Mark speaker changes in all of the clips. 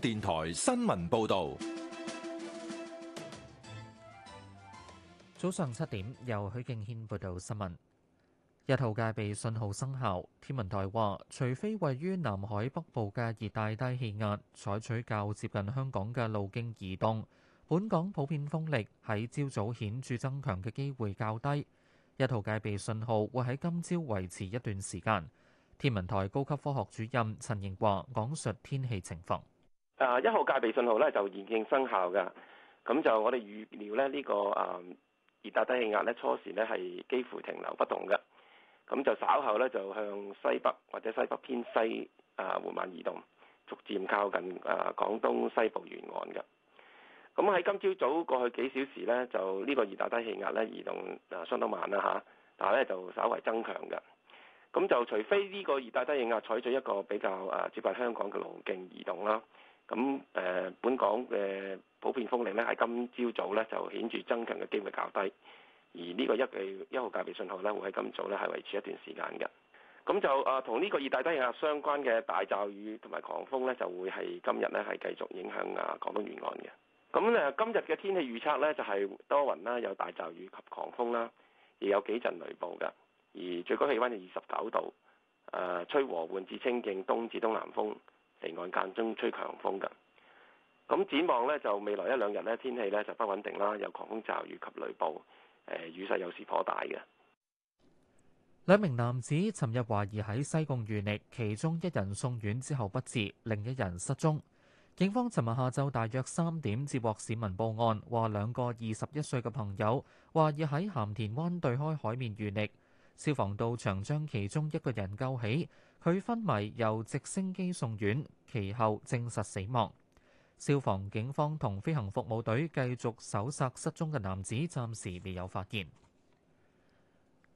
Speaker 1: 電台新聞報
Speaker 2: 道，
Speaker 3: 早上七點由許敬軒報道新聞。一號戒備信號生效，天文台話，除非位於南海北部嘅熱帶低氣壓採取較接近香港嘅路徑移動，本港普遍風力喺朝早顯著增強嘅機會較低。一號戒備信號會喺今朝維持一段時間。天文台高級科學主任陳瑩華講述天氣情況。
Speaker 2: 啊！一、uh, 號戒備信號呢就現正生效嘅，咁就我哋預料呢呢、這個啊、嗯、熱帶低氣壓呢初時呢係幾乎停留不動嘅，咁就稍後呢，就向西北或者西北偏西啊緩慢移動，逐漸靠近啊廣東西部沿岸嘅。咁喺今朝早過去幾小時呢，就呢個熱帶低氣壓呢移動啊相當慢啦嚇、啊，但係呢，就稍為增強嘅。咁就除非呢個熱帶低氣壓採取一個比較啊接近香港嘅路徑移動啦。咁誒，本港嘅普遍風力咧，喺今朝早咧就顯著增強嘅機會較低，而呢個一嘅一號戒備信號咧，會喺今早咧係維持一段時間嘅。咁就啊，同呢個熱帶低壓相關嘅大驟雨同埋狂風咧，就會係今日咧係繼續影響啊，廣東沿岸嘅。咁誒、啊，今日嘅天氣預測咧，就係、是、多雲啦，有大驟雨及狂風啦，亦有幾陣雷暴嘅。而最高氣温係二十九度，誒、啊，吹和緩至清勁東至東南風。離岸間中吹強風㗎，咁展望呢，就未來一兩日呢，天氣呢就不穩定啦，有狂風驟雨及雷暴，誒雨勢有時頗大嘅。
Speaker 3: 兩名男子尋日懷疑喺西貢遇溺，其中一人送院之後不治，另一人失蹤。警方尋日下晝大約三點接獲市民報案，話兩個二十一歲嘅朋友懷疑喺鹹田灣對開海面遇溺。消防到場將其中一個人救起，佢昏迷由直升機送院，其後證實死亡。消防、警方同飛行服務隊繼續搜索失蹤嘅男子，暫時未有發現。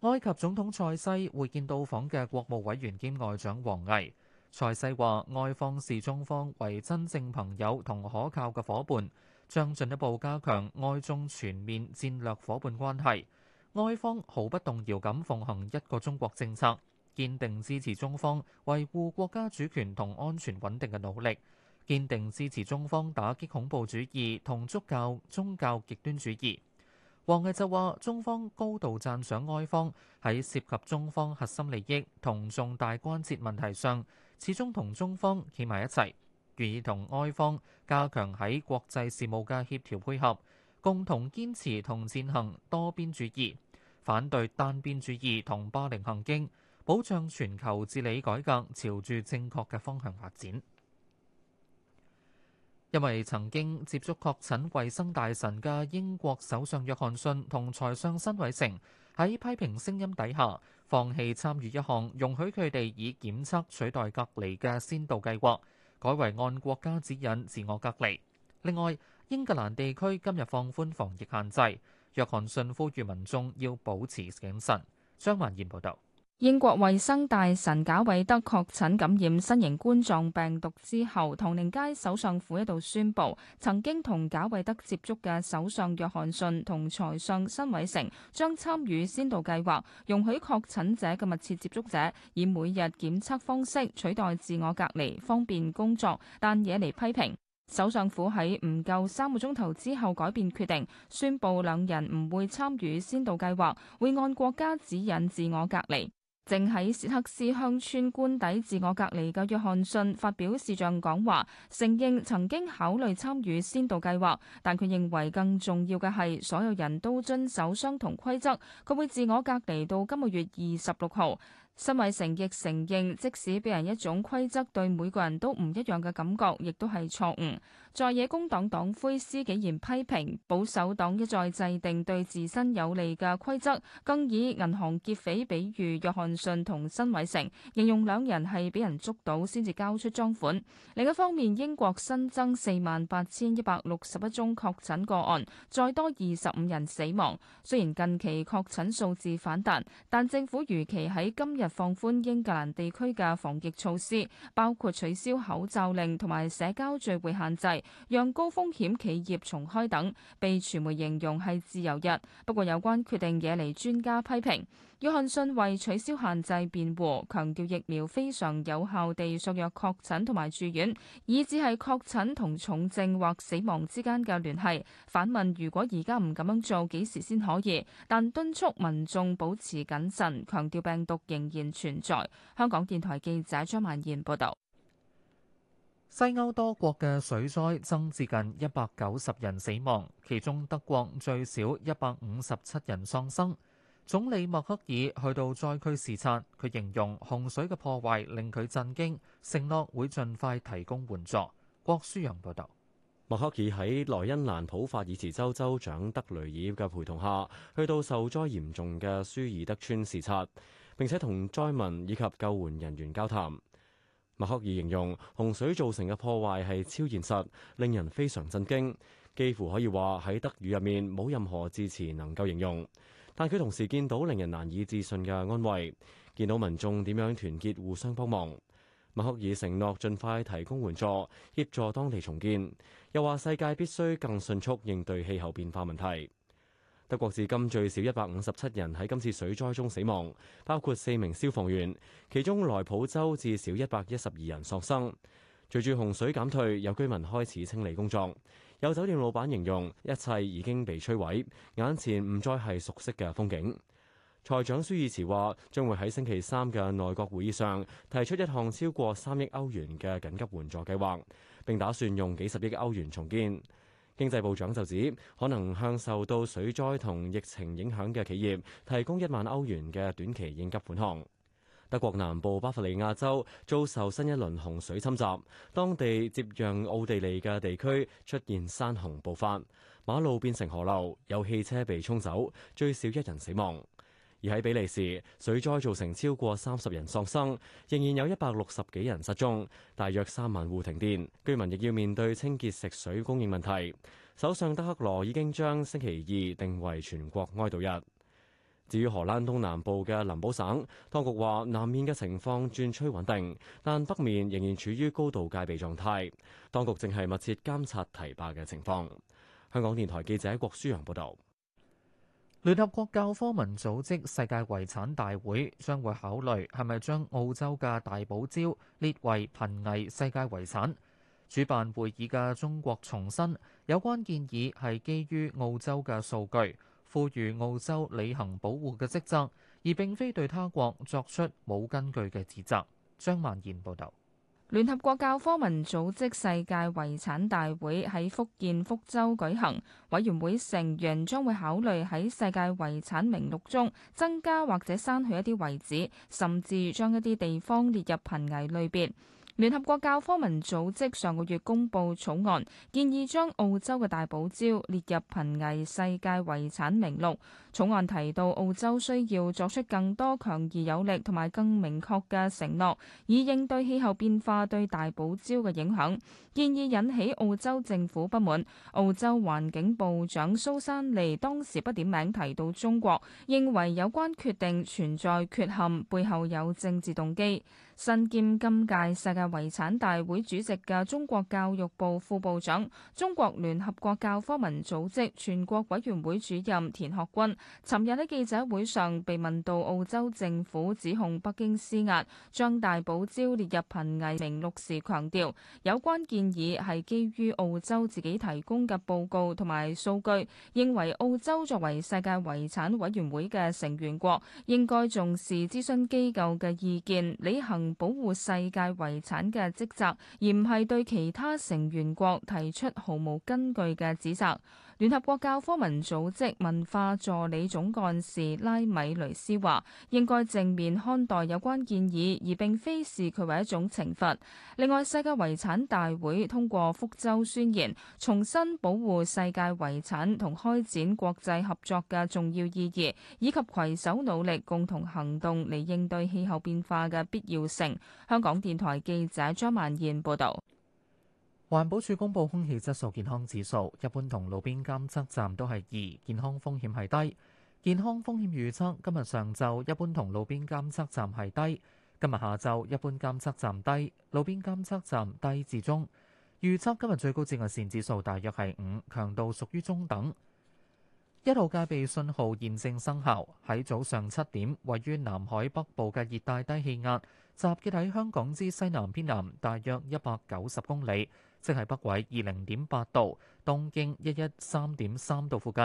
Speaker 3: 埃及總統塞西會見到訪嘅國務委員兼外長王毅，塞西話：外方視中方為真正朋友同可靠嘅夥伴，將進一步加強埃中全面戰略夥伴關係。埃方毫不動搖咁奉行一個中國政策，堅定支持中方維護國家主權同安全穩定嘅努力，堅定支持中方打擊恐怖主義同宗教宗教極端主義，王毅就話中方高度讚賞埃方喺涉及中方核心利益同重大關切問題上，始終同中方企埋一齊，願意同埃方加強喺國際事務嘅協調配合。共同堅持同踐行多邊主義，反對單邊主義同霸凌行徑，保障全球治理改革朝住正確嘅方向發展。因為曾經接觸確診衞生大臣嘅英國首相約翰遜同財相辛偉誠，喺批評聲音底下放棄參與一項容許佢哋以檢測取代隔離嘅先導計劃，改為按國家指引自我隔離。另外，英格蘭地區今日放寬防疫限制，約翰遜呼籲民眾要保持謹慎。張萬賢報道。
Speaker 4: 英國衛生大臣賈偉德確診感染新型冠狀病毒之後，唐寧街首相府一度宣布，曾經同賈偉德接觸嘅首相約翰遜同財相辛偉誠將參與先導計劃，容許確診者嘅密切接觸者以每日檢測方式取代自我隔離，方便工作，但惹嚟批評。首相府喺唔夠三個鐘頭之後改變決定，宣布兩人唔會參與先導計劃，會按國家指引自我隔離。正喺契克斯鄉村官邸自我隔離嘅約翰遜發表視像講話，承認曾經考慮參與先導計劃，但佢認為更重要嘅係所有人都遵守相同規則。佢會自我隔離到今個月二十六號。新偉誠亦承認，即使俾人一種規則對每個人都唔一樣嘅感覺，亦都係錯誤。在野工黨黨魁施紀賢批評保守黨一再制定對自身有利嘅規則，更以銀行劫匪比喻約翰遜同新偉誠，形容兩人係俾人捉到先至交出贓款。另一方面，英國新增四萬八千一百六十一宗確診個案，再多二十五人死亡。雖然近期確診數字反彈，但政府如期喺今日放寬英格蘭地區嘅防疫措施，包括取消口罩令同埋社交聚會限制，讓高風險企業重開等，被傳媒形容係自由日。不過有關決定惹嚟專家批評。約翰遜為取消限制辯護，強調疫苗非常有效地削弱確診同埋住院，以至係確診同重症或死亡之間嘅聯繫。反問如果而家唔咁樣做，幾時先可以？但敦促民眾保持謹慎，強調病毒仍。現存在。香港電台記者張曼燕報道。
Speaker 3: 西歐多國嘅水災增至近一百九十人死亡，其中德國最少一百五十七人喪生。總理默克爾去到災區視察，佢形容洪水嘅破壞令佢震驚，承諾會盡快提供援助。郭舒陽報道。默克爾
Speaker 1: 喺萊茵蘭普法爾茨州州長德雷爾嘅陪同下去到受災嚴重嘅舒爾德村視察，並且同災民以及救援人員交談。默克爾形容洪水造成嘅破壞係超現實，令人非常震驚，幾乎可以話喺德語入面冇任何字詞能夠形容。但佢同時見到令人難以置信嘅安慰，見到民眾點樣團結互相幫忙。默克爾承諾盡快提供援助，協助當地重建，又話世界必須更迅速應對氣候變化問題。德國至今最少一百五十七人喺今次水災中死亡，包括四名消防員。其中萊普州至少一百一十二人喪生。隨住洪水減退，有居民開始清理工作。有酒店老闆形容一切已經被摧毀，眼前唔再係熟悉嘅風景。財長舒爾茨話將會喺星期三嘅內閣會議上提出一項超過三億歐元嘅緊急援助計劃，並打算用幾十億嘅歐元重建。經濟部長就指，可能向受到水災同疫情影響嘅企業提供一萬歐元嘅短期應急款項。德國南部巴伐利亞州遭受新一輪洪水侵襲，當地接壤奧地利嘅地區出現山洪暴發，馬路變成河流，有汽車被沖走，最少一人死亡。而喺比利時，水災造成超過三十人喪生，仍然有一百六十幾人失蹤，大約三萬戶停電，居民亦要面對清潔食水供應問題。首相德克羅已經將星期二定為全國哀悼日。至於荷蘭東南部嘅林堡省，當局話南面嘅情況轉趨穩定，但北面仍然處於高度戒備狀態。當局正係密切監察堤壩嘅
Speaker 3: 情況。香港電台記者郭舒揚報道。聯合國教科文組織世界遺產大會將會考慮係咪將澳洲嘅大堡礁列為瀕危世界遺產。主辦會議嘅中國重申，有關建議係基於澳洲嘅數據，賦予澳洲履行保護嘅職責，而並非對他國作出冇根據嘅指責。張曼燕報導。
Speaker 4: 聯合國教科文組織世界遺產大會喺福建福州舉行，委員會成員將會考慮喺世界遺產名錄中增加或者刪去一啲遺址，甚至將一啲地方列入瀕危類別。聯合國教科文組織上個月公布草案，建議將澳洲嘅大堡礁列入瀕危世界遺產名錄。草案提到澳洲需要作出更多強而有力同埋更明確嘅承諾，以應對氣候變化對大堡礁嘅影響。建議引起澳洲政府不滿。澳洲環境部長蘇珊妮當時不點名提到中國，認為有關決定存在缺陷，背後有政治動機。身兼今屆世界遺產大會主席嘅中國教育部副部長、中國聯合國教科文組織全國委員會主任田學軍，尋日喺記者會上被問到澳洲政府指控北京施壓將大堡礁列入瀕危名錄時，強調有關建議係基於澳洲自己提供嘅報告同埋數據，認為澳洲作為世界遺產委員會嘅成員國，應該重視諮詢機構嘅意見，履行保護世界遺產嘅職責，而唔係對其他成員國提出毫無根據嘅指責。聯合國教科文組織文化助理總幹事拉米雷斯話：應該正面看待有關建議，而並非視佢為一種懲罰。另外，世界遺產大會通過福州宣言，重申保護世界遺產同開展國際合作嘅重要意義，以及攜手努力共同行動嚟應對氣候變化嘅必要性。香港電台記者張曼燕報導。
Speaker 3: 環保署公布空氣質素健康指數，一般同路邊監測站都係二，健康風險係低。健康風險預測，今日上晝一般同路邊監測站係低，今日下晝一般監測站低，路邊監測站低至中。預測今日最高紫外線指數大約係五，強度屬於中等。一號戒備信號現正生效。喺早上七點，位於南海北部嘅熱帶低氣壓集結喺香港之西南偏南，大約一百九十公里，即係北緯二零點八度、東經一一三點三度附近。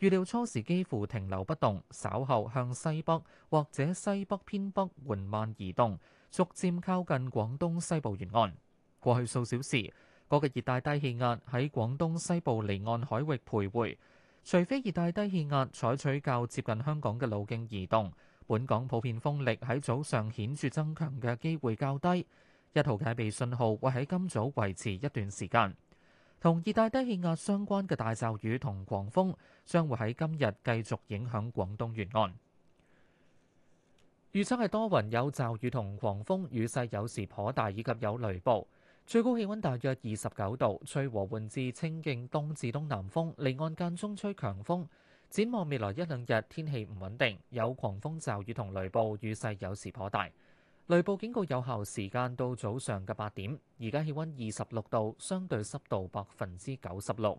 Speaker 3: 預料初時幾乎停留不動，稍後向西北或者西北偏北緩慢移動，逐漸靠近廣東西部沿岸。過去數小時，嗰個熱帶低氣壓喺廣東西部離岸海域徘徊。除非熱帶低氣壓採取較接近香港嘅路徑移動，本港普遍風力喺早上顯著增強嘅機會較低。一號戒備信號會喺今早維持一段時間。同熱帶低氣壓相關嘅大驟雨同狂風將會喺今日繼續影響廣東沿岸。預測係多雲有驟雨同狂風，雨勢有時頗大，以及有雷暴。最高氣温大約二十九度，吹和緩至清勁東至東南風，離岸間中吹強風。展望未來一兩日，天氣唔穩定，有狂風驟雨同雷暴，雨勢有時頗大。雷暴警告有效時間到早上嘅八點。而家氣温二十六度，相對濕度百分之九十六。